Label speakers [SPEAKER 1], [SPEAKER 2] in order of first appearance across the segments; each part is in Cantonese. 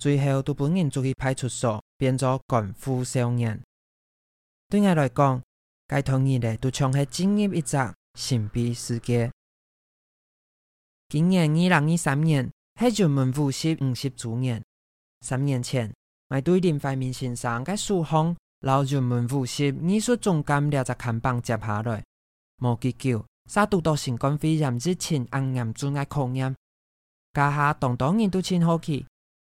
[SPEAKER 1] 最後都本人捉去派出所，變咗觀護少年。對 𠊎 來講，該同意咧，都強係進入一隻神秘世界。今年二零二三年，係雲門舞集五十周年。三年前，我對林懷民先生嘅書房，老雲門舞集藝術總監廖澤看幫接下來，無幾久，沙都到新冠肺炎疫情暗暗做下考驗，家下當當然都請好去。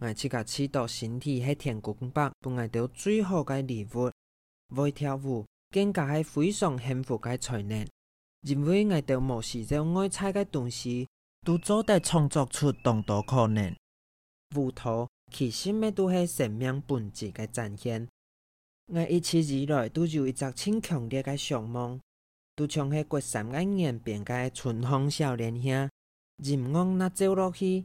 [SPEAKER 1] 我此刻此度身體喺天公伯，碰到最好嘅禮物，會跳舞，更加係非常幸福嘅才能。因為遇到某時一愛彩嘅東西，都做得創作出眾多可能。舞蹈其實咩都係生命本質嘅展現。我一直以來都有一只輕強烈嘅向往，都像係雪山嘅人變嘅春風少年兄，人往那走落去。